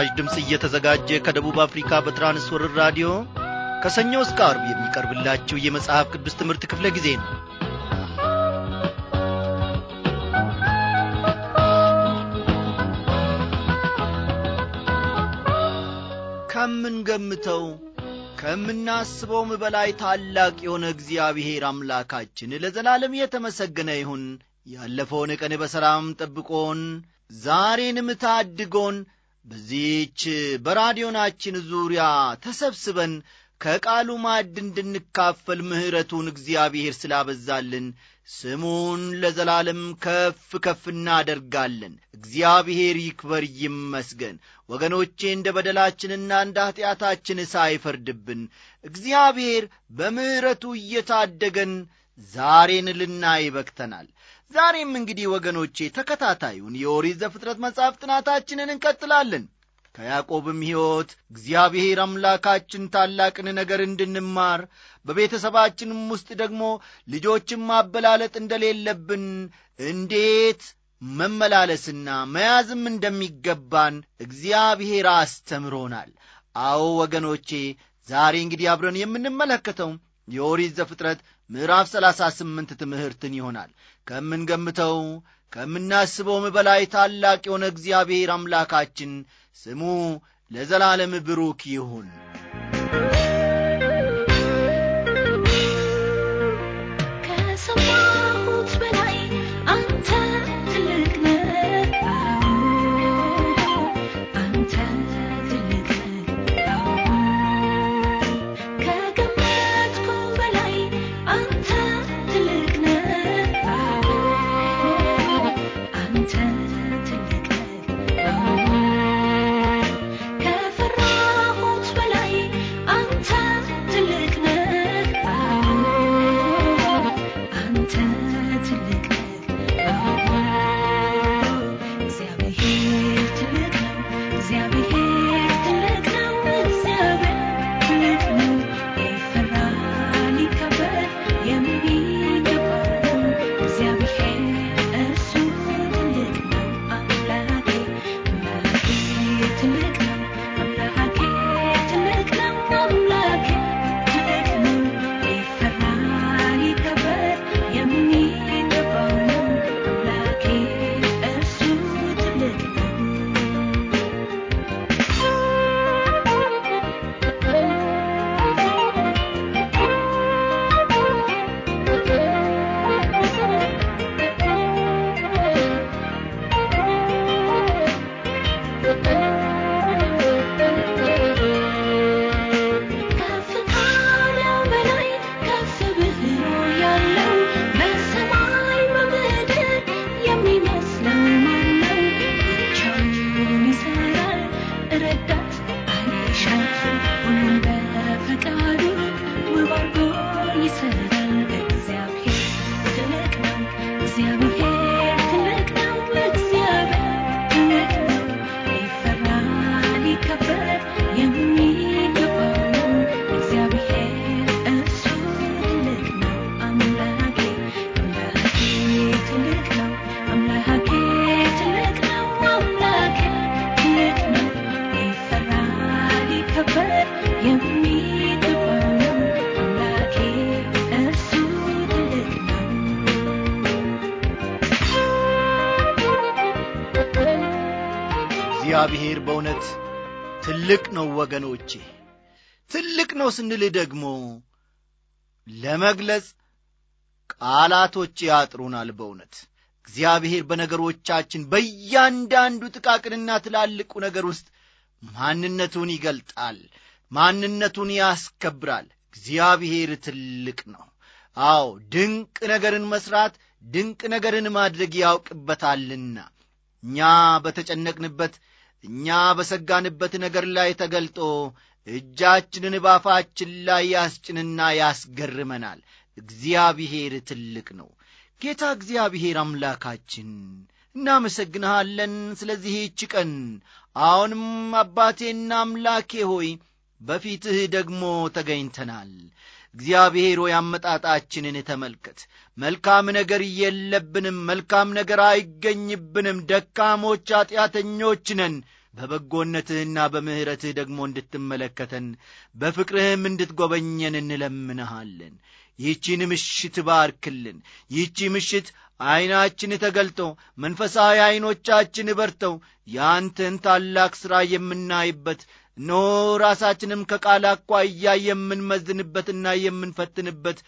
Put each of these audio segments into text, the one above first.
ለመስራች ድምፅ እየተዘጋጀ ከደቡብ አፍሪካ በትራንስወርር ራዲዮ ከሰኞ እስከ አርብ የሚቀርብላችሁ የመጽሐፍ ቅዱስ ትምህርት ክፍለ ጊዜ ነው ከምንገምተው ከምናስበውም በላይ ታላቅ የሆነ እግዚአብሔር አምላካችን ለዘላለም የተመሰገነ ይሁን ያለፈውን ቀን በሰላም ጠብቆን ዛሬንም ታድጎን በዚህች በራዲዮናችን ዙሪያ ተሰብስበን ከቃሉ ማዕድ እንድንካፈል ምሕረቱን እግዚአብሔር ስላበዛልን ስሙን ለዘላለም ከፍ ከፍ እናደርጋለን። እግዚአብሔር ይክበር ይመስገን። ወገኖቼ እንደ በደላችንና እንደ ኀጢአታችን ሳይፈርድብን እግዚአብሔር በምሕረቱ እየታደገን ዛሬን ልናይ ይበክተናል። ዛሬም እንግዲህ ወገኖቼ ተከታታዩን የኦሪት ዘፍጥረት መጽሐፍ ጥናታችንን እንቀጥላለን። ከያዕቆብም ሕይወት እግዚአብሔር አምላካችን ታላቅን ነገር እንድንማር በቤተሰባችንም ውስጥ ደግሞ ልጆችን ማበላለጥ እንደሌለብን እንዴት መመላለስና መያዝም እንደሚገባን እግዚአብሔር አስተምሮናል። አዎ ወገኖቼ ዛሬ እንግዲህ አብረን የምንመለከተው የኦሪት ዘፍጥረት ምዕራፍ 38 ትምህርትን ይሆናል። ከምንገምተው ከምናስበውም በላይ ታላቅ የሆነ እግዚአብሔር አምላካችን ስሙ ለዘላለም ብሩክ ይሁን። se había ነው ወገኖቼ ትልቅ ነው ስንል ደግሞ ለመግለጽ ቃላቶች ያጥሩናል በእውነት እግዚአብሔር በነገሮቻችን በእያንዳንዱ ጥቃቅንና ትላልቁ ነገር ውስጥ ማንነቱን ይገልጣል ማንነቱን ያስከብራል እግዚአብሔር ትልቅ ነው አዎ ድንቅ ነገርን መስራት ድንቅ ነገርን ማድረግ ያውቅበታልና እኛ በተጨነቅንበት እኛ በሰጋንበት ነገር ላይ ተገልጦ እጃችንን ባፋችን ላይ ያስጭንና ያስገርመናል። እግዚአብሔር ትልቅ ነው። ጌታ እግዚአብሔር አምላካችን እናመሰግንሃለን ስለዚህች ቀን። አሁንም አባቴና አምላኬ ሆይ በፊትህ ደግሞ ተገኝተናል። እግዚአብሔር ሆይ አመጣጣችንን ተመልከት። መልካም ነገር የለብንም፣ መልካም ነገር አይገኝብንም፣ ደካሞች ኀጢአተኞች ነን። በበጎነትህና በምሕረትህ ደግሞ እንድትመለከተን በፍቅርህም እንድትጐበኘን እንለምንሃለን። ይህቺን ምሽት ባርክልን። ይህቺ ምሽት ዐይናችን ተገልጦ መንፈሳዊ ዐይኖቻችን በርተው ያንተን ታላቅ ሥራ የምናይበት እነሆ ራሳችንም ከቃል አኳያ የምንመዝንበትና የምንፈትንበት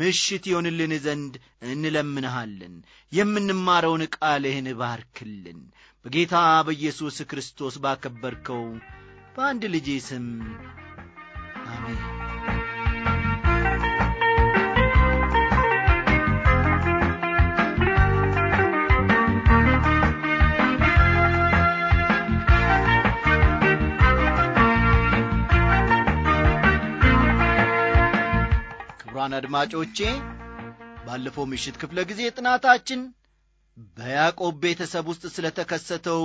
ምሽት ይሆንልን ዘንድ እንለምንሃለን። የምንማረውን ቃልህን ባርክልን። በጌታ በኢየሱስ ክርስቶስ ባከበርከው በአንድ ልጄ ስም አሜን። ክቡራን አድማጮቼ ባለፈው ምሽት ክፍለ ጊዜ ጥናታችን በያዕቆብ ቤተሰብ ውስጥ ስለ ተከሰተው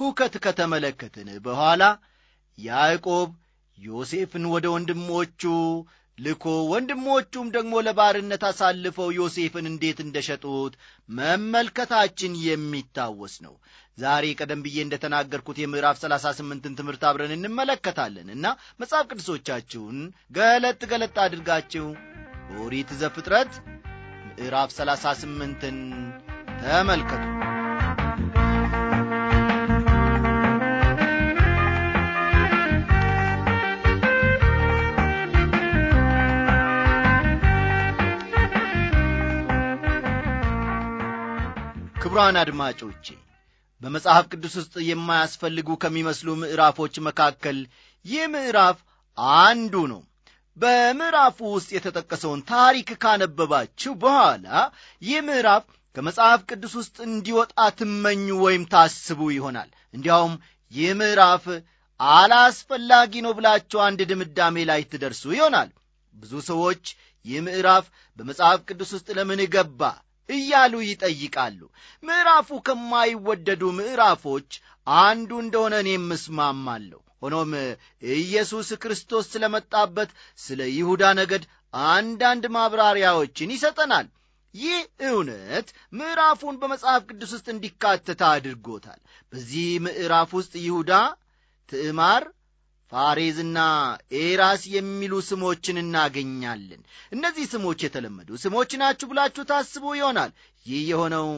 ሁከት ከተመለከትን በኋላ ያዕቆብ ዮሴፍን ወደ ወንድሞቹ ልኮ ወንድሞቹም ደግሞ ለባርነት አሳልፈው ዮሴፍን እንዴት እንደ ሸጡት መመልከታችን የሚታወስ ነው። ዛሬ ቀደም ብዬ እንደ ተናገርኩት የምዕራፍ 38ን ትምህርት አብረን እንመለከታለን እና መጽሐፍ ቅዱሶቻችሁን ገለጥ ገለጥ አድርጋችሁ ኦሪት ዘፍጥረት ምዕራፍ 38ን ተመልከቱ። ክቡራን አድማጮቼ በመጽሐፍ ቅዱስ ውስጥ የማያስፈልጉ ከሚመስሉ ምዕራፎች መካከል ይህ ምዕራፍ አንዱ ነው። በምዕራፉ ውስጥ የተጠቀሰውን ታሪክ ካነበባችሁ በኋላ ይህ ምዕራፍ ከመጽሐፍ ቅዱስ ውስጥ እንዲወጣ ትመኙ ወይም ታስቡ ይሆናል። እንዲያውም ይህ ምዕራፍ አላስፈላጊ ነው ብላችሁ አንድ ድምዳሜ ላይ ትደርሱ ይሆናል። ብዙ ሰዎች ይህ ምዕራፍ በመጽሐፍ ቅዱስ ውስጥ ለምን ገባ እያሉ ይጠይቃሉ። ምዕራፉ ከማይወደዱ ምዕራፎች አንዱ እንደሆነ እኔም እስማማለሁ። ሆኖም ኢየሱስ ክርስቶስ ስለመጣበት ስለ ይሁዳ ነገድ አንዳንድ ማብራሪያዎችን ይሰጠናል። ይህ እውነት ምዕራፉን በመጽሐፍ ቅዱስ ውስጥ እንዲካተት አድርጎታል። በዚህ ምዕራፍ ውስጥ ይሁዳ፣ ትዕማር፣ ፋሬዝና ኤራስ የሚሉ ስሞችን እናገኛለን። እነዚህ ስሞች የተለመዱ ስሞች ናችሁ ብላችሁ ታስቡ ይሆናል። ይህ የሆነው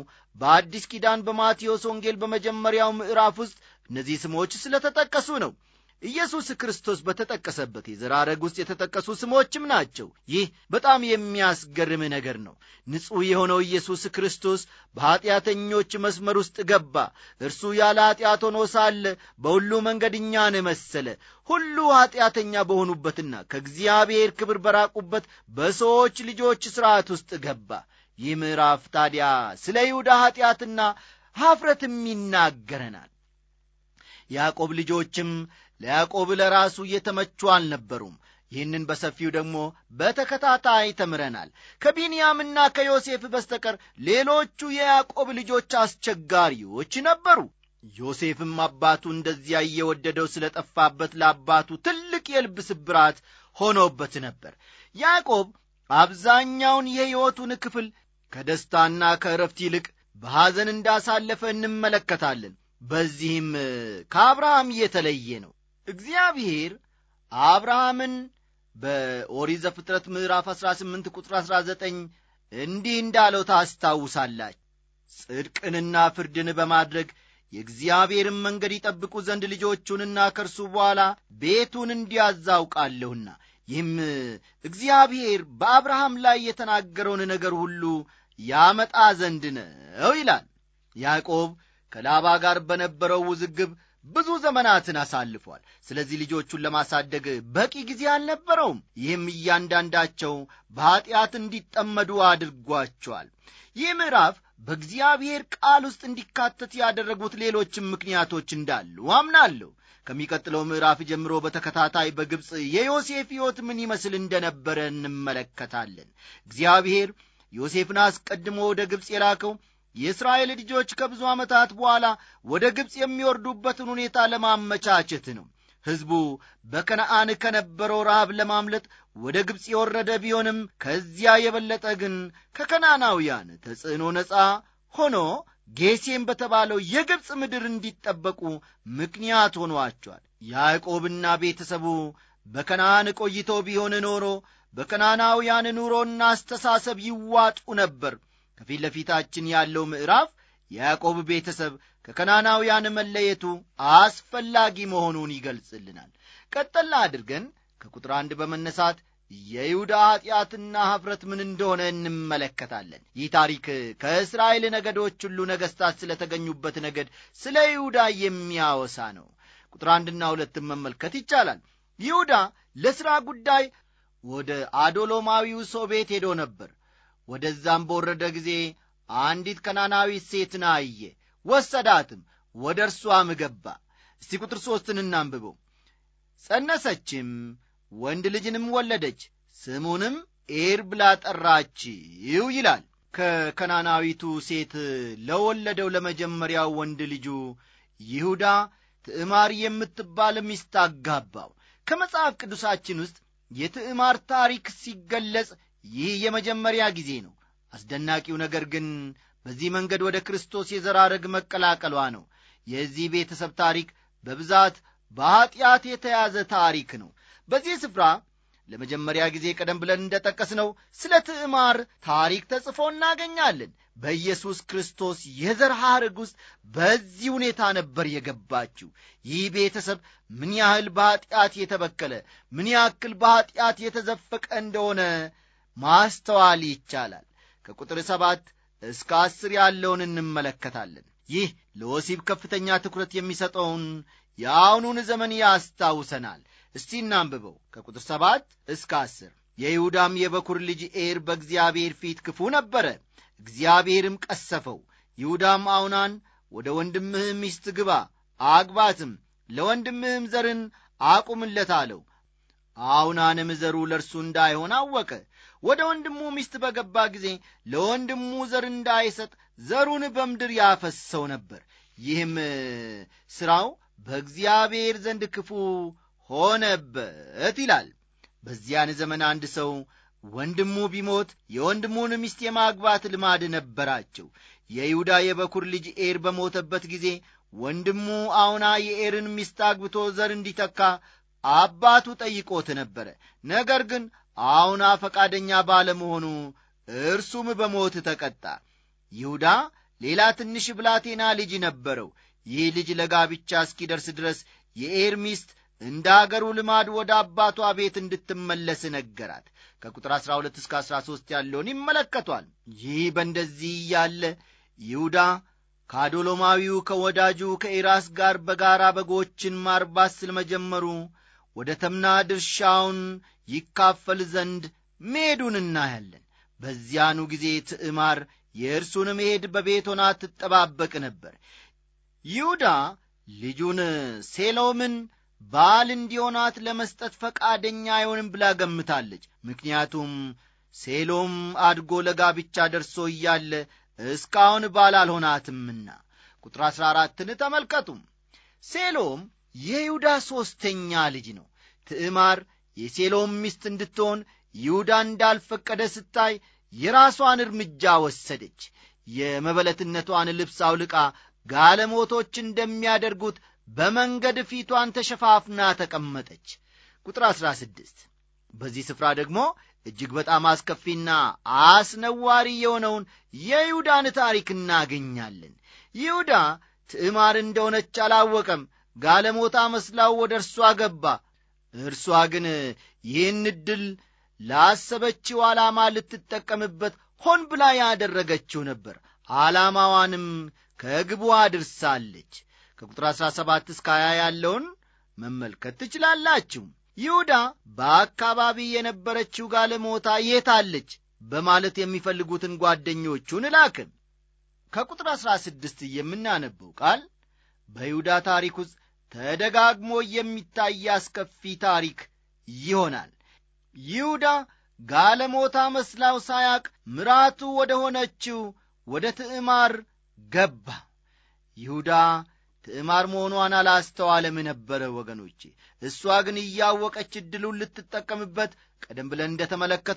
በአዲስ ኪዳን በማቴዎስ ወንጌል በመጀመሪያው ምዕራፍ ውስጥ እነዚህ ስሞች ስለተጠቀሱ ነው። ኢየሱስ ክርስቶስ በተጠቀሰበት የዘራረግ ውስጥ የተጠቀሱ ስሞችም ናቸው። ይህ በጣም የሚያስገርም ነገር ነው። ንጹሕ የሆነው ኢየሱስ ክርስቶስ በኀጢአተኞች መስመር ውስጥ ገባ። እርሱ ያለ ኀጢአት ሆኖ ሳለ በሁሉ መንገድ እኛን መሰለ። ሁሉ ኀጢአተኛ በሆኑበትና ከእግዚአብሔር ክብር በራቁበት በሰዎች ልጆች ሥርዓት ውስጥ ገባ። ይህ ምዕራፍ ታዲያ ስለ ይሁዳ ኀጢአትና ሐፍረትም ይናገረናል። ያዕቆብ ልጆችም ለያዕቆብ ለራሱ እየተመቹ አልነበሩም። ይህንን በሰፊው ደግሞ በተከታታይ ተምረናል። ከቢንያምና ከዮሴፍ በስተቀር ሌሎቹ የያዕቆብ ልጆች አስቸጋሪዎች ነበሩ። ዮሴፍም አባቱ እንደዚያ እየወደደው ስለ ጠፋበት ለአባቱ ትልቅ የልብ ስብራት ሆኖበት ነበር። ያዕቆብ አብዛኛውን የሕይወቱን ክፍል ከደስታና ከእረፍት ይልቅ በሐዘን እንዳሳለፈ እንመለከታለን። በዚህም ከአብርሃም እየተለየ ነው። እግዚአብሔር አብርሃምን በኦሪት ዘፍጥረት ምዕራፍ 18 ቁጥር 19 እንዲህ እንዳለው ታስታውሳላች። ጽድቅንና ፍርድን በማድረግ የእግዚአብሔርን መንገድ ይጠብቁ ዘንድ ልጆቹንና ከእርሱ በኋላ ቤቱን እንዲያዛውቃለሁና ይህም እግዚአብሔር በአብርሃም ላይ የተናገረውን ነገር ሁሉ ያመጣ ዘንድ ነው ይላል። ያዕቆብ ከላባ ጋር በነበረው ውዝግብ ብዙ ዘመናትን አሳልፏል። ስለዚህ ልጆቹን ለማሳደግ በቂ ጊዜ አልነበረውም። ይህም እያንዳንዳቸው በኀጢአት እንዲጠመዱ አድርጓቸዋል። ይህ ምዕራፍ በእግዚአብሔር ቃል ውስጥ እንዲካተት ያደረጉት ሌሎችም ምክንያቶች እንዳሉ አምናለሁ። ከሚቀጥለው ምዕራፍ ጀምሮ በተከታታይ በግብፅ የዮሴፍ ሕይወት ምን ይመስል እንደነበረ እንመለከታለን። እግዚአብሔር ዮሴፍን አስቀድሞ ወደ ግብፅ የላከው የእስራኤል ልጆች ከብዙ ዓመታት በኋላ ወደ ግብፅ የሚወርዱበትን ሁኔታ ለማመቻቸት ነው። ሕዝቡ በከነአን ከነበረው ረሃብ ለማምለጥ ወደ ግብፅ የወረደ ቢሆንም ከዚያ የበለጠ ግን ከከናናውያን ተጽዕኖ ነፃ ሆኖ ጌሴም በተባለው የግብፅ ምድር እንዲጠበቁ ምክንያት ሆኗቸዋል። ያዕቆብና ቤተሰቡ በከነአን ቆይቶ ቢሆን ኖሮ በከናናውያን ኑሮና አስተሳሰብ ይዋጡ ነበር። ከፊት ለፊታችን ያለው ምዕራፍ የያዕቆብ ቤተሰብ ከከናናውያን መለየቱ አስፈላጊ መሆኑን ይገልጽልናል። ቀጠላ አድርገን ከቁጥር አንድ በመነሳት የይሁዳ ኀጢአትና ኀፍረት ምን እንደሆነ እንመለከታለን። ይህ ታሪክ ከእስራኤል ነገዶች ሁሉ ነገሥታት ስለተገኙበት ነገድ ስለ ይሁዳ የሚያወሳ ነው። ቁጥር አንድና ሁለትን መመልከት ይቻላል። ይሁዳ ለሥራ ጉዳይ ወደ አዶሎማዊው ሰው ቤት ሄዶ ነበር። ወደዛም በወረደ ጊዜ አንዲት ከናናዊት ሴትን አየ፣ ወሰዳትም፣ ወደ እርሷም ገባ። እስቲ ቁጥር ሦስትን እናንብበው። ጸነሰችም፣ ወንድ ልጅንም ወለደች፣ ስሙንም ኤር ብላ ጠራችው ይላል። ከከናናዊቱ ሴት ለወለደው ለመጀመሪያው ወንድ ልጁ ይሁዳ ትዕማር የምትባል ሚስት አጋባው። ከመጽሐፍ ቅዱሳችን ውስጥ የትዕማር ታሪክ ሲገለጽ ይህ የመጀመሪያ ጊዜ ነው። አስደናቂው ነገር ግን በዚህ መንገድ ወደ ክርስቶስ የዘራረግ መቀላቀሏ ነው። የዚህ ቤተሰብ ታሪክ በብዛት በኀጢአት የተያዘ ታሪክ ነው። በዚህ ስፍራ ለመጀመሪያ ጊዜ ቀደም ብለን ነው ስለ ትዕማር ታሪክ ተጽፎ እናገኛለን። በኢየሱስ ክርስቶስ የዘር ሐረግ ውስጥ በዚህ ሁኔታ ነበር የገባችው። ይህ ቤተሰብ ምን ያህል በኀጢአት የተበከለ ምን ያክል በኀጢአት የተዘፈቀ እንደሆነ ማስተዋል ይቻላል። ከቁጥር ሰባት እስከ አስር ያለውን እንመለከታለን። ይህ ለወሲብ ከፍተኛ ትኩረት የሚሰጠውን የአሁኑን ዘመን ያስታውሰናል። እስቲ እናንብበው። ከቁጥር ሰባት እስከ አስር የይሁዳም የበኩር ልጅ ኤር በእግዚአብሔር ፊት ክፉ ነበረ፣ እግዚአብሔርም ቀሰፈው። ይሁዳም አውናን ወደ ወንድምህም ሚስት ግባ አግባትም፣ ለወንድምህም ዘርን አቁምለት አለው። አውናንም ዘሩ ለእርሱ እንዳይሆን አወቀ። ወደ ወንድሙ ሚስት በገባ ጊዜ ለወንድሙ ዘር እንዳይሰጥ ዘሩን በምድር ያፈሰው ነበር። ይህም ሥራው በእግዚአብሔር ዘንድ ክፉ ሆነበት ይላል። በዚያን ዘመን አንድ ሰው ወንድሙ ቢሞት የወንድሙን ሚስት የማግባት ልማድ ነበራቸው። የይሁዳ የበኩር ልጅ ኤር በሞተበት ጊዜ ወንድሙ አውና የኤርን ሚስት አግብቶ ዘር እንዲተካ አባቱ ጠይቆት ነበረ። ነገር ግን አውና ፈቃደኛ ባለመሆኑ እርሱም በሞት ተቀጣ። ይሁዳ ሌላ ትንሽ ብላቴና ልጅ ነበረው። ይህ ልጅ ለጋብቻ እስኪደርስ ድረስ የኤርሚስት እንደ አገሩ ልማድ ወደ አባቷ ቤት እንድትመለስ ነገራት። ከቁጥር 12 እስከ 13 ያለውን ይመለከቷል። ይህ በእንደዚህ እያለ ይሁዳ ከአዶሎማዊው ከወዳጁ ከኢራስ ጋር በጋራ በጎችን ማርባት ስለመጀመሩ ወደ ተምና ድርሻውን ይካፈል ዘንድ መሄዱን እናያለን። በዚያኑ ጊዜ ትዕማር የእርሱን መሄድ በቤት ሆና ትጠባበቅ ነበር። ይሁዳ ልጁን ሴሎምን ባል እንዲሆናት ለመስጠት ፈቃደኛ አይሆንም ብላ ገምታለች። ምክንያቱም ሴሎም አድጎ ለጋብቻ ደርሶ እያለ እስካሁን ባል አልሆናትምና። ቁጥር አሥራ አራትን ተመልከቱም። ሴሎም የይሁዳ ሦስተኛ ልጅ ነው። ትዕማር የሴሎም ሚስት እንድትሆን ይሁዳ እንዳልፈቀደ ስታይ የራሷን እርምጃ ወሰደች። የመበለትነቷን ልብስ አውልቃ ጋለሞቶች እንደሚያደርጉት በመንገድ ፊቷን ተሸፋፍና ተቀመጠች። ቁጥር 16 በዚህ ስፍራ ደግሞ እጅግ በጣም አስከፊና አስነዋሪ የሆነውን የይሁዳን ታሪክ እናገኛለን። ይሁዳ ትዕማር እንደሆነች አላወቀም። ጋለሞታ መስላው ወደ እርሷ ገባ። እርሷ ግን ይህን ዕድል ላሰበችው ዓላማ ልትጠቀምበት ሆን ብላ ያደረገችው ነበር። ዓላማዋንም ከግቡ አድርሳለች። ከቁጥር 17 እስከ 20 ያለውን መመልከት ትችላላችሁ። ይሁዳ በአካባቢ የነበረችው ጋለሞታ የታለች በማለት የሚፈልጉትን ጓደኞቹን እላክን ከቁጥር 16 የምናነበው ቃል በይሁዳ ታሪክ ውስጥ ተደጋግሞ የሚታይ አስከፊ ታሪክ ይሆናል። ይሁዳ ጋለሞታ መስላው ሳያቅ ምራቱ ወደ ሆነችው ወደ ትዕማር ገባ። ይሁዳ ትዕማር መሆኗን አላስተዋለም ነበረ ወገኖቼ። እሷ ግን እያወቀች ዕድሉን ልትጠቀምበት ቀደም ብለን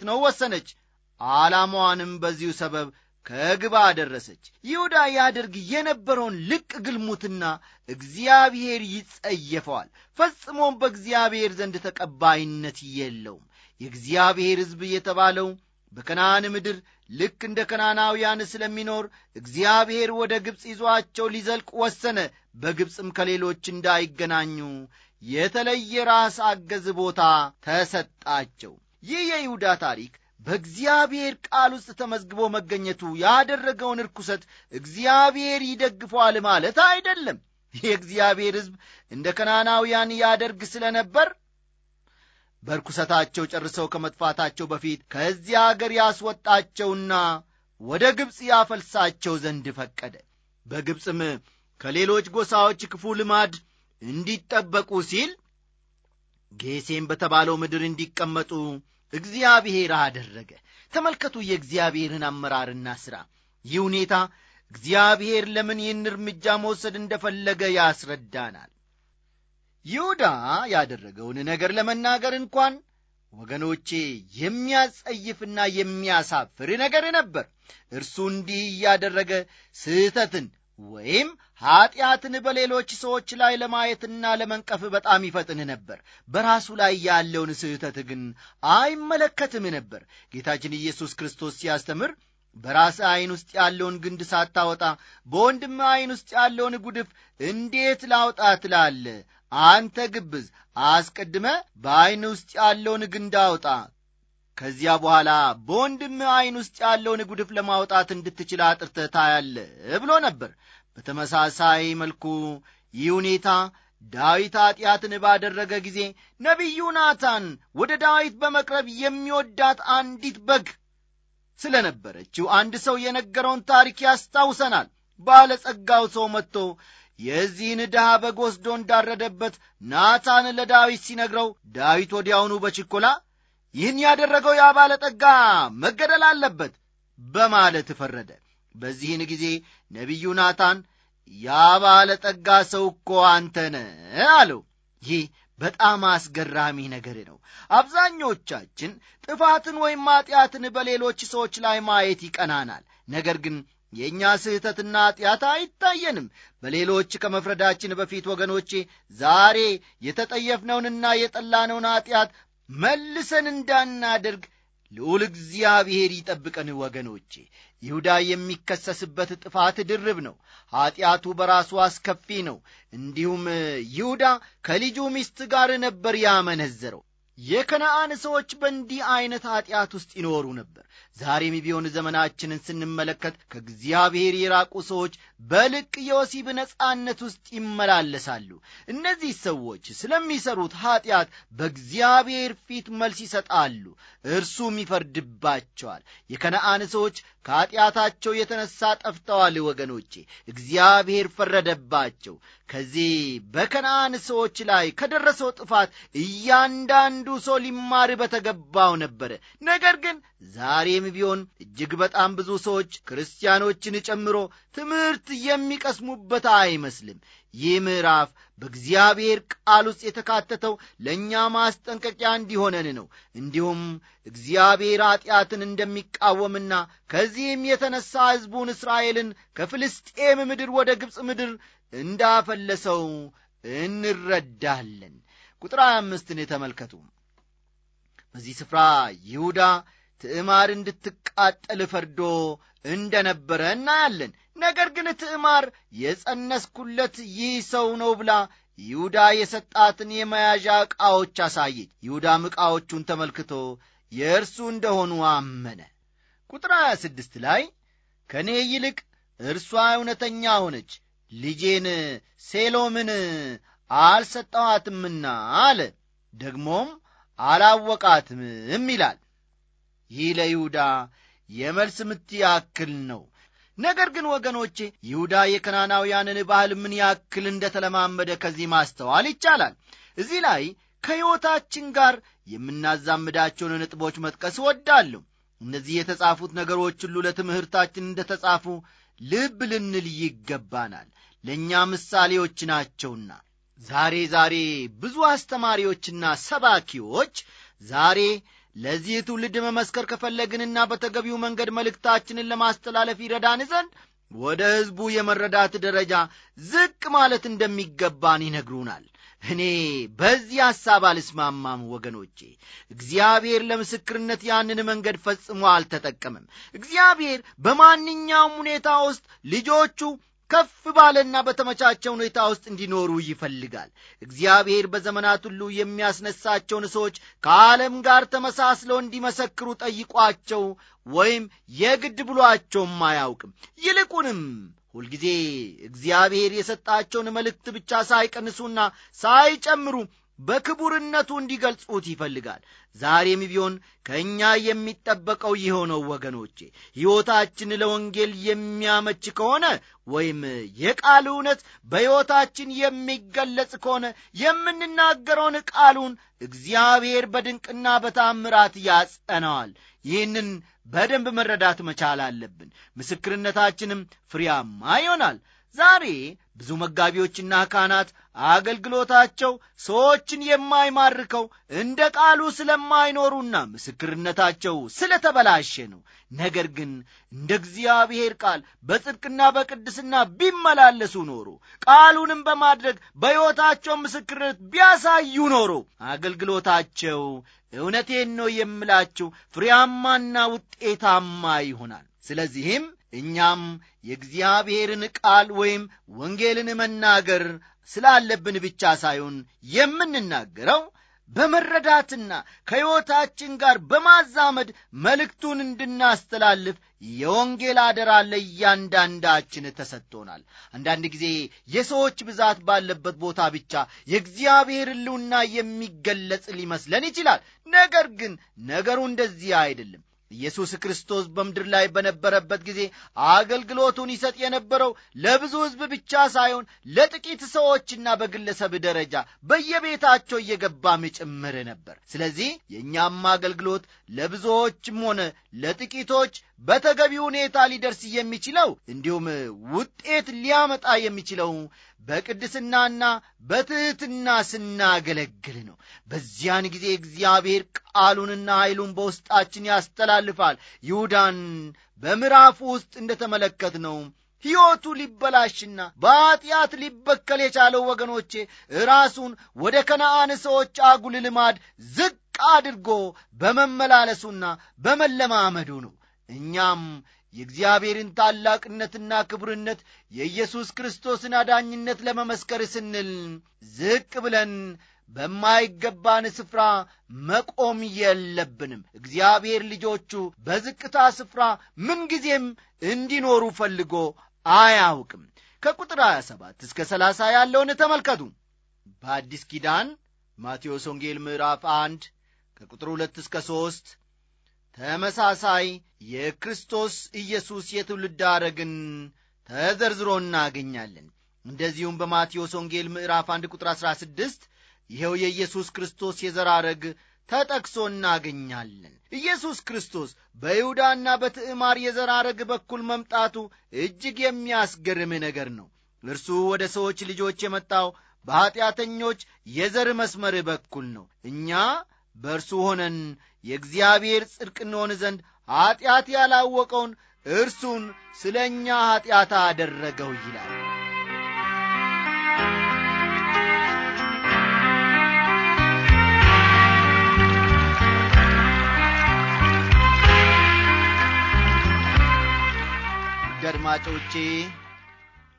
ነው ወሰነች። ዓላማዋንም በዚሁ ሰበብ ከግባ አደረሰች። ይሁዳ ያደርግ የነበረውን ልቅ ግልሙትና እግዚአብሔር ይጸየፈዋል። ፈጽሞም በእግዚአብሔር ዘንድ ተቀባይነት የለውም። የእግዚአብሔር ሕዝብ የተባለው በከናን ምድር ልክ እንደ ከናናውያን ስለሚኖር እግዚአብሔር ወደ ግብፅ ይዟቸው ሊዘልቅ ወሰነ። በግብፅም ከሌሎች እንዳይገናኙ የተለየ ራስ አገዝ ቦታ ተሰጣቸው። ይህ የይሁዳ ታሪክ በእግዚአብሔር ቃል ውስጥ ተመዝግቦ መገኘቱ ያደረገውን ርኩሰት እግዚአብሔር ይደግፏል ማለት አይደለም። የእግዚአብሔር ሕዝብ እንደ ከናናውያን ያደርግ ስለ ነበር በርኩሰታቸው ጨርሰው ከመጥፋታቸው በፊት ከዚያ አገር ያስወጣቸውና ወደ ግብፅ ያፈልሳቸው ዘንድ ፈቀደ። በግብፅም ከሌሎች ጎሳዎች ክፉ ልማድ እንዲጠበቁ ሲል ጌሴም በተባለው ምድር እንዲቀመጡ እግዚአብሔር አደረገ። ተመልከቱ የእግዚአብሔርን አመራርና ሥራ። ይህ ሁኔታ እግዚአብሔር ለምን ይህን እርምጃ መውሰድ እንደፈለገ ያስረዳናል። ይሁዳ ያደረገውን ነገር ለመናገር እንኳን ወገኖቼ የሚያጸይፍና የሚያሳፍር ነገር ነበር። እርሱ እንዲህ እያደረገ ስህተትን ወይም ኀጢአትን በሌሎች ሰዎች ላይ ለማየትና ለመንቀፍ በጣም ይፈጥን ነበር። በራሱ ላይ ያለውን ስህተት ግን አይመለከትም ነበር። ጌታችን ኢየሱስ ክርስቶስ ሲያስተምር በራስ ዐይን ውስጥ ያለውን ግንድ ሳታወጣ በወንድም ዐይን ውስጥ ያለውን ጉድፍ እንዴት ላውጣ ትላለ? አንተ ግብዝ፣ አስቀድመ በዐይን ውስጥ ያለውን ግንድ አውጣ ከዚያ በኋላ በወንድም ዐይን ውስጥ ያለውን ጉድፍ ለማውጣት እንድትችል አጥርተ ታያለ ብሎ ነበር። በተመሳሳይ መልኩ ይህ ሁኔታ ዳዊት ኀጢአትን ባደረገ ጊዜ ነቢዩ ናታን ወደ ዳዊት በመቅረብ የሚወዳት አንዲት በግ ስለ ነበረችው አንድ ሰው የነገረውን ታሪክ ያስታውሰናል። ባለጸጋው ሰው መጥቶ የዚህን ድሃ በግ ወስዶ እንዳረደበት ናታን ለዳዊት ሲነግረው ዳዊት ወዲያውኑ በችኮላ ይህን ያደረገው ያ ባለጠጋ መገደል አለበት በማለት ፈረደ። በዚህን ጊዜ ነቢዩ ናታን ያ ባለጠጋ ሰው እኮ አንተነ አለው። ይህ በጣም አስገራሚ ነገር ነው። አብዛኞቻችን ጥፋትን ወይም ማጢአትን በሌሎች ሰዎች ላይ ማየት ይቀናናል። ነገር ግን የእኛ ስህተትና ኃጢአት አይታየንም። በሌሎች ከመፍረዳችን በፊት ወገኖቼ፣ ዛሬ የተጠየፍነውንና የጠላነውን ኃጢአት መልሰን እንዳናደርግ ልዑል እግዚአብሔር ይጠብቀን። ወገኖቼ ይሁዳ የሚከሰስበት ጥፋት ድርብ ነው። ኀጢአቱ በራሱ አስከፊ ነው። እንዲሁም ይሁዳ ከልጁ ሚስት ጋር ነበር ያመነዘረው። የከነአን ሰዎች በእንዲህ ዐይነት ኀጢአት ውስጥ ይኖሩ ነበር። ዛሬም ቢሆን ዘመናችንን ስንመለከት ከእግዚአብሔር የራቁ ሰዎች በልቅ የወሲብ ነጻነት ውስጥ ይመላለሳሉ። እነዚህ ሰዎች ስለሚሠሩት ኀጢአት በእግዚአብሔር ፊት መልስ ይሰጣሉ፣ እርሱም ይፈርድባቸዋል። የከነአን ሰዎች ከኀጢአታቸው የተነሣ ጠፍተዋል። ወገኖቼ እግዚአብሔር ፈረደባቸው። ከዚህ በከነአን ሰዎች ላይ ከደረሰው ጥፋት እያንዳንዱ ሰው ሊማር በተገባው ነበረ። ነገር ግን ዛሬም ቢሆን እጅግ በጣም ብዙ ሰዎች ክርስቲያኖችን ጨምሮ ትምህርት የሚቀስሙበት አይመስልም። ይህ ምዕራፍ በእግዚአብሔር ቃል ውስጥ የተካተተው ለእኛ ማስጠንቀቂያ እንዲሆነን ነው። እንዲሁም እግዚአብሔር ኀጢአትን እንደሚቃወምና ከዚህም የተነሣ ሕዝቡን እስራኤልን ከፍልስጤም ምድር ወደ ግብፅ ምድር እንዳፈለሰው እንረዳለን። ቁጥር ሃያ አምስትን የተመልከቱ። በዚህ ስፍራ ይሁዳ ትዕማር እንድትቃጠል ፈርዶ እንደነበረ እናያለን። ነገር ግን ትዕማር የጸነስኩለት ይህ ሰው ነው ብላ ይሁዳ የሰጣትን የመያዣ ዕቃዎች አሳየች። ይሁዳም ዕቃዎቹን ተመልክቶ የእርሱ እንደሆኑ አመነ። ቁጥር 26 ላይ ከእኔ ይልቅ እርሷ እውነተኛ ሆነች፣ ልጄን ሴሎምን አልሰጠዋትምና አለ። ደግሞም አላወቃትም ይላል። ይህ ለይሁዳ የመልስ ምት ያክል ነው። ነገር ግን ወገኖቼ ይሁዳ የከናናውያንን ባህል ምን ያክል እንደተለማመደ ከዚህ ማስተዋል ይቻላል እዚህ ላይ ከሕይወታችን ጋር የምናዛምዳቸውን ነጥቦች መጥቀስ እወዳለሁ እነዚህ የተጻፉት ነገሮች ሁሉ ለትምህርታችን ተጻፉ ልብ ልንል ይገባናል ለእኛ ምሳሌዎች ናቸውና ዛሬ ዛሬ ብዙ አስተማሪዎችና ሰባኪዎች ዛሬ ለዚህ ትውልድ መመስከር ከፈለግንና በተገቢው መንገድ መልእክታችንን ለማስተላለፍ ይረዳን ዘንድ ወደ ሕዝቡ የመረዳት ደረጃ ዝቅ ማለት እንደሚገባን ይነግሩናል። እኔ በዚህ ሐሳብ አልስማማም ወገኖቼ። እግዚአብሔር ለምስክርነት ያንን መንገድ ፈጽሞ አልተጠቀምም። እግዚአብሔር በማንኛውም ሁኔታ ውስጥ ልጆቹ ከፍ ባለና በተመቻቸ ሁኔታ ውስጥ እንዲኖሩ ይፈልጋል። እግዚአብሔር በዘመናት ሁሉ የሚያስነሳቸውን ሰዎች ከዓለም ጋር ተመሳስለው እንዲመሰክሩ ጠይቋቸው ወይም የግድ ብሏቸውም አያውቅም። ይልቁንም ሁልጊዜ እግዚአብሔር የሰጣቸውን መልእክት ብቻ ሳይቀንሱና ሳይጨምሩ በክቡርነቱ እንዲገልጹት ይፈልጋል። ዛሬም ቢሆን ከእኛ የሚጠበቀው የሆነው ወገኖቼ ሕይወታችን ለወንጌል የሚያመች ከሆነ ወይም የቃል እውነት በሕይወታችን የሚገለጽ ከሆነ የምንናገረውን ቃሉን እግዚአብሔር በድንቅና በታምራት ያጸነዋል። ይህንን በደንብ መረዳት መቻል አለብን። ምስክርነታችንም ፍሬያማ ይሆናል። ዛሬ ብዙ መጋቢዎችና ካህናት አገልግሎታቸው ሰዎችን የማይማርከው እንደ ቃሉ ስለማይኖሩና ምስክርነታቸው ስለተበላሸ ነው። ነገር ግን እንደ እግዚአብሔር ቃል በጽድቅና በቅድስና ቢመላለሱ ኖሮ ቃሉንም በማድረግ በሕይወታቸው ምስክርነት ቢያሳዩ ኖሮ አገልግሎታቸው እውነቴን ነው የምላችሁ ፍሬያማና ውጤታማ ይሆናል። ስለዚህም እኛም የእግዚአብሔርን ቃል ወይም ወንጌልን መናገር ስላለብን ብቻ ሳይሆን የምንናገረው በመረዳትና ከሕይወታችን ጋር በማዛመድ መልእክቱን እንድናስተላልፍ የወንጌል አደራ ለእያንዳንዳችን ተሰጥቶናል። አንዳንድ ጊዜ የሰዎች ብዛት ባለበት ቦታ ብቻ የእግዚአብሔር ልውና የሚገለጽ ሊመስለን ይችላል። ነገር ግን ነገሩ እንደዚህ አይደለም። ኢየሱስ ክርስቶስ በምድር ላይ በነበረበት ጊዜ አገልግሎቱን ይሰጥ የነበረው ለብዙ ሕዝብ ብቻ ሳይሆን ለጥቂት ሰዎችና በግለሰብ ደረጃ በየቤታቸው እየገባም ጭምር ነበር። ስለዚህ የእኛም አገልግሎት ለብዙዎችም ሆነ ለጥቂቶች በተገቢ ሁኔታ ሊደርስ የሚችለው እንዲሁም ውጤት ሊያመጣ የሚችለው በቅድስናና በትሕትና ስናገለግል ነው። በዚያን ጊዜ እግዚአብሔር ቃሉንና ኃይሉን በውስጣችን ያስተላልፋል። ይሁዳን በምዕራፉ ውስጥ እንደተመለከትነው ሕይወቱ ሊበላሽና በኀጢአት ሊበከል የቻለው ወገኖቼ ራሱን ወደ ከነአን ሰዎች አጉል ልማድ ዝቅ አድርጎ በመመላለሱና በመለማመዱ ነው። እኛም የእግዚአብሔርን ታላቅነትና ክቡርነት የኢየሱስ ክርስቶስን አዳኝነት ለመመስከር ስንል ዝቅ ብለን በማይገባን ስፍራ መቆም የለብንም። እግዚአብሔር ልጆቹ በዝቅታ ስፍራ ምንጊዜም እንዲኖሩ ፈልጎ አያውቅም። ከቁጥር 27 እስከ 30 ያለውን ተመልከቱ። በአዲስ ኪዳን ማቴዎስ ወንጌል ምዕራፍ 1 ከቁጥር 2 እስከ 3 ተመሳሳይ የክርስቶስ ኢየሱስ የትውልድ አረግን ተዘርዝሮ እናገኛለን። እንደዚሁም በማቴዎስ ወንጌል ምዕራፍ 1 ቁጥር 16 ይኸው የኢየሱስ ክርስቶስ የዘራረግ ተጠቅሶ እናገኛለን። ኢየሱስ ክርስቶስ በይሁዳና በትዕማር የዘር በኩል መምጣቱ እጅግ የሚያስገርም ነገር ነው። እርሱ ወደ ሰዎች ልጆች የመጣው በኀጢአተኞች የዘር መስመር በኩል ነው። እኛ በእርሱ ሆነን የእግዚአብሔር ጽድቅ እንሆን ዘንድ ኀጢአት ያላወቀውን እርሱን ስለ እኛ ኀጢአት አደረገው ይላል። አድማጮቼ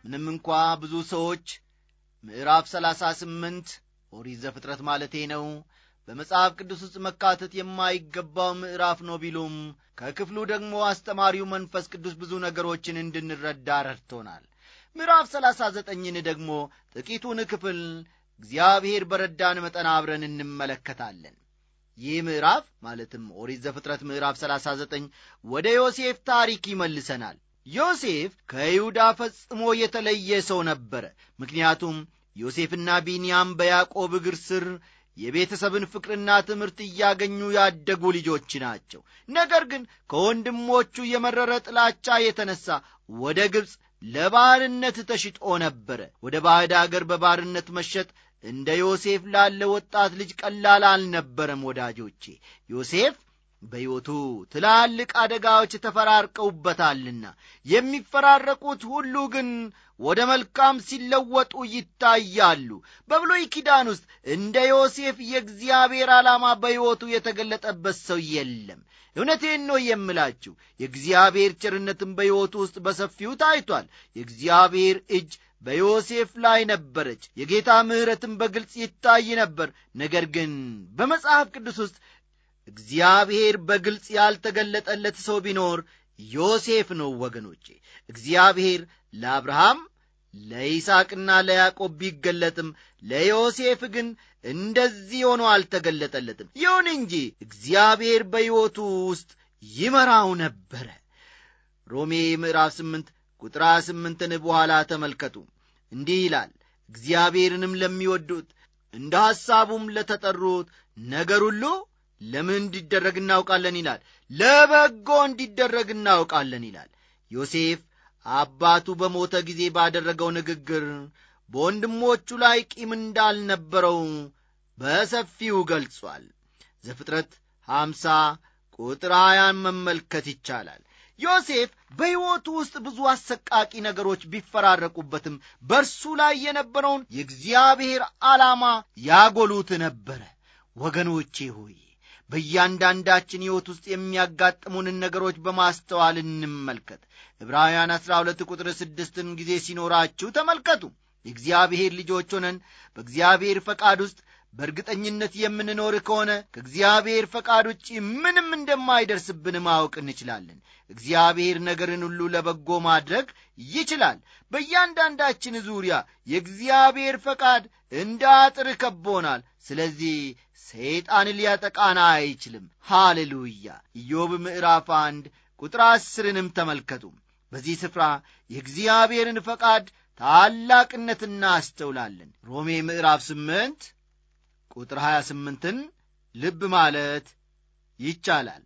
ምንም እንኳ ብዙ ሰዎች ምዕራፍ ሰላሳ ስምንት ኦሪዘ ፍጥረት ማለቴ ነው በመጽሐፍ ቅዱስ ውስጥ መካተት የማይገባው ምዕራፍ ነው ቢሉም ከክፍሉ ደግሞ አስተማሪው መንፈስ ቅዱስ ብዙ ነገሮችን እንድንረዳ ረድቶናል። ምዕራፍ ሰላሳ ዘጠኝን ደግሞ ጥቂቱን ክፍል እግዚአብሔር በረዳን መጠን አብረን እንመለከታለን። ይህ ምዕራፍ ማለትም ኦሪት ዘፍጥረት ምዕራፍ 39 ወደ ዮሴፍ ታሪክ ይመልሰናል። ዮሴፍ ከይሁዳ ፈጽሞ የተለየ ሰው ነበረ። ምክንያቱም ዮሴፍና ቢንያም በያዕቆብ እግር ስር የቤተሰብን ፍቅርና ትምህርት እያገኙ ያደጉ ልጆች ናቸው። ነገር ግን ከወንድሞቹ የመረረ ጥላቻ የተነሳ ወደ ግብፅ ለባርነት ተሽጦ ነበረ። ወደ ባዕድ አገር በባርነት መሸጥ እንደ ዮሴፍ ላለ ወጣት ልጅ ቀላል አልነበረም። ወዳጆቼ ዮሴፍ በሕይወቱ ትላልቅ አደጋዎች ተፈራርቀውበታልና የሚፈራረቁት ሁሉ ግን ወደ መልካም ሲለወጡ ይታያሉ። በብሉይ ኪዳን ውስጥ እንደ ዮሴፍ የእግዚአብሔር ዓላማ በሕይወቱ የተገለጠበት ሰው የለም። እውነቴን ነው የምላችሁ፣ የእግዚአብሔር ቸርነትን በሕይወቱ ውስጥ በሰፊው ታይቷል። የእግዚአብሔር እጅ በዮሴፍ ላይ ነበረች። የጌታ ምሕረትን በግልጽ ይታይ ነበር። ነገር ግን በመጽሐፍ ቅዱስ ውስጥ እግዚአብሔር በግልጽ ያልተገለጠለት ሰው ቢኖር ዮሴፍ ነው። ወገኖቼ እግዚአብሔር ለአብርሃም ለይስሐቅና ለያዕቆብ ቢገለጥም ለዮሴፍ ግን እንደዚህ ሆኖ አልተገለጠለትም። ይሁን እንጂ እግዚአብሔር በሕይወቱ ውስጥ ይመራው ነበረ። ሮሜ ምዕራፍ 8 ቁጥር 28ን በኋላ ተመልከቱ። እንዲህ ይላል እግዚአብሔርንም ለሚወዱት እንደ ሐሳቡም ለተጠሩት ነገር ሁሉ ለምን እንዲደረግ እናውቃለን ይላል። ለበጎ እንዲደረግ እናውቃለን ይላል። ዮሴፍ አባቱ በሞተ ጊዜ ባደረገው ንግግር በወንድሞቹ ላይ ቂም እንዳልነበረው በሰፊው ገልጿል። ዘፍጥረት ሐምሳ ቁጥር ሀያን መመልከት ይቻላል። ዮሴፍ በሕይወቱ ውስጥ ብዙ አሰቃቂ ነገሮች ቢፈራረቁበትም በእርሱ ላይ የነበረውን የእግዚአብሔር ዓላማ ያጎሉት ነበረ። ወገኖቼ ሆይ በእያንዳንዳችን ሕይወት ውስጥ የሚያጋጥሙንን ነገሮች በማስተዋል እንመልከት። ዕብራውያን ዐሥራ ሁለት ቁጥር ስድስትን ጊዜ ሲኖራችሁ ተመልከቱ። የእግዚአብሔር ልጆች ሆነን በእግዚአብሔር ፈቃድ ውስጥ በእርግጠኝነት የምንኖር ከሆነ ከእግዚአብሔር ፈቃድ ውጪ ምንም እንደማይደርስብን ማወቅ እንችላለን። እግዚአብሔር ነገርን ሁሉ ለበጎ ማድረግ ይችላል። በእያንዳንዳችን ዙሪያ የእግዚአብሔር ፈቃድ እንደ አጥር ከቦናል። ስለዚህ ሰይጣን ሊያጠቃን አይችልም። ሃሌሉያ! ኢዮብ ምዕራፍ አንድ ቁጥር አስርንም ተመልከቱ። በዚህ ስፍራ የእግዚአብሔርን ፈቃድ ታላቅነት እናስተውላለን። ሮሜ ምዕራፍ ስምንት ቁጥር 28ን ልብ ማለት ይቻላል።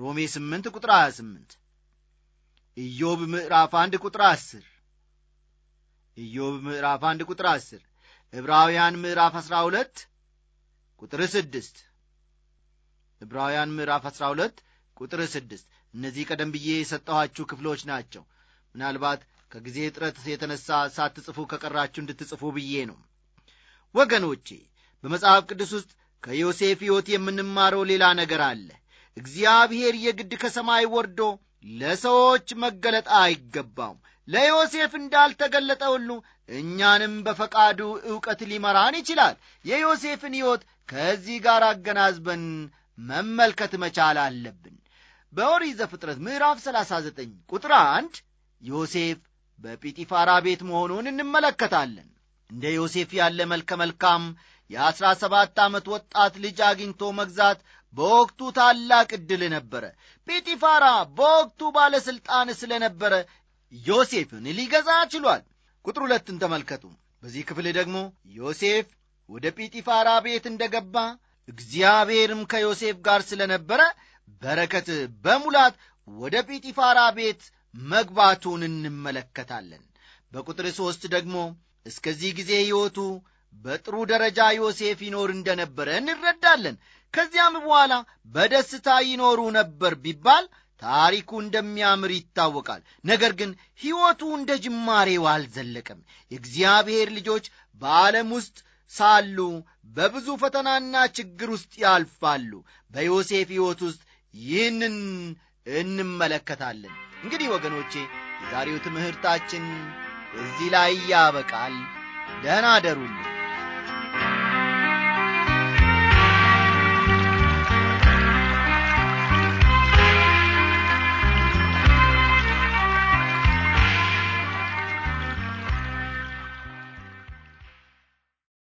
ሮሜ 8 ቁጥር 28፣ ኢዮብ ምዕራፍ 1 ቁጥር 10፣ ኢዮብ ምዕራፍ 1 ቁጥር 10፣ ዕብራውያን ምዕራፍ 12 ቁጥር 6፣ ዕብራውያን ምዕራፍ 12 ቁጥር 6። እነዚህ ቀደም ብዬ የሰጠኋችሁ ክፍሎች ናቸው። ምናልባት ከጊዜ ጥረት የተነሳ ሳትጽፉ ከቀራችሁ እንድትጽፉ ብዬ ነው። ወገኖቼ በመጽሐፍ ቅዱስ ውስጥ ከዮሴፍ ሕይወት የምንማረው ሌላ ነገር አለ። እግዚአብሔር የግድ ከሰማይ ወርዶ ለሰዎች መገለጥ አይገባውም። ለዮሴፍ እንዳልተገለጠ ሁሉ እኛንም በፈቃዱ ዕውቀት ሊመራን ይችላል። የዮሴፍን ሕይወት ከዚህ ጋር አገናዝበን መመልከት መቻል አለብን። በኦሪት ዘፍጥረት ምዕራፍ 39 ቁጥር 1 ዮሴፍ በጲጢፋራ ቤት መሆኑን እንመለከታለን። እንደ ዮሴፍ ያለ መልከ መልካም የአሥራ ሰባት ዓመት ወጣት ልጅ አግኝቶ መግዛት በወቅቱ ታላቅ ዕድል ነበረ። ጲጢፋራ በወቅቱ ስለ ስለነበረ ዮሴፍን ሊገዛ ችሏል። ቁጥር ሁለትን ተመልከቱ። በዚህ ክፍል ደግሞ ዮሴፍ ወደ ጲጢፋራ ቤት እንደገባ እግዚአብሔርም ከዮሴፍ ጋር ስለነበረ በረከት በሙላት ወደ ጲጢፋራ ቤት መግባቱን እንመለከታለን። በቁጥር ሦስት ደግሞ እስከዚህ ጊዜ ሕይወቱ በጥሩ ደረጃ ዮሴፍ ይኖር እንደነበረ እንረዳለን። ከዚያም በኋላ በደስታ ይኖሩ ነበር ቢባል ታሪኩ እንደሚያምር ይታወቃል። ነገር ግን ሕይወቱ እንደ ጅማሬው አልዘለቀም። የእግዚአብሔር ልጆች በዓለም ውስጥ ሳሉ በብዙ ፈተናና ችግር ውስጥ ያልፋሉ። በዮሴፍ ሕይወት ውስጥ ይህንን እንመለከታለን። እንግዲህ ወገኖቼ የዛሬው ትምህርታችን እዚህ ላይ ያበቃል። ደህና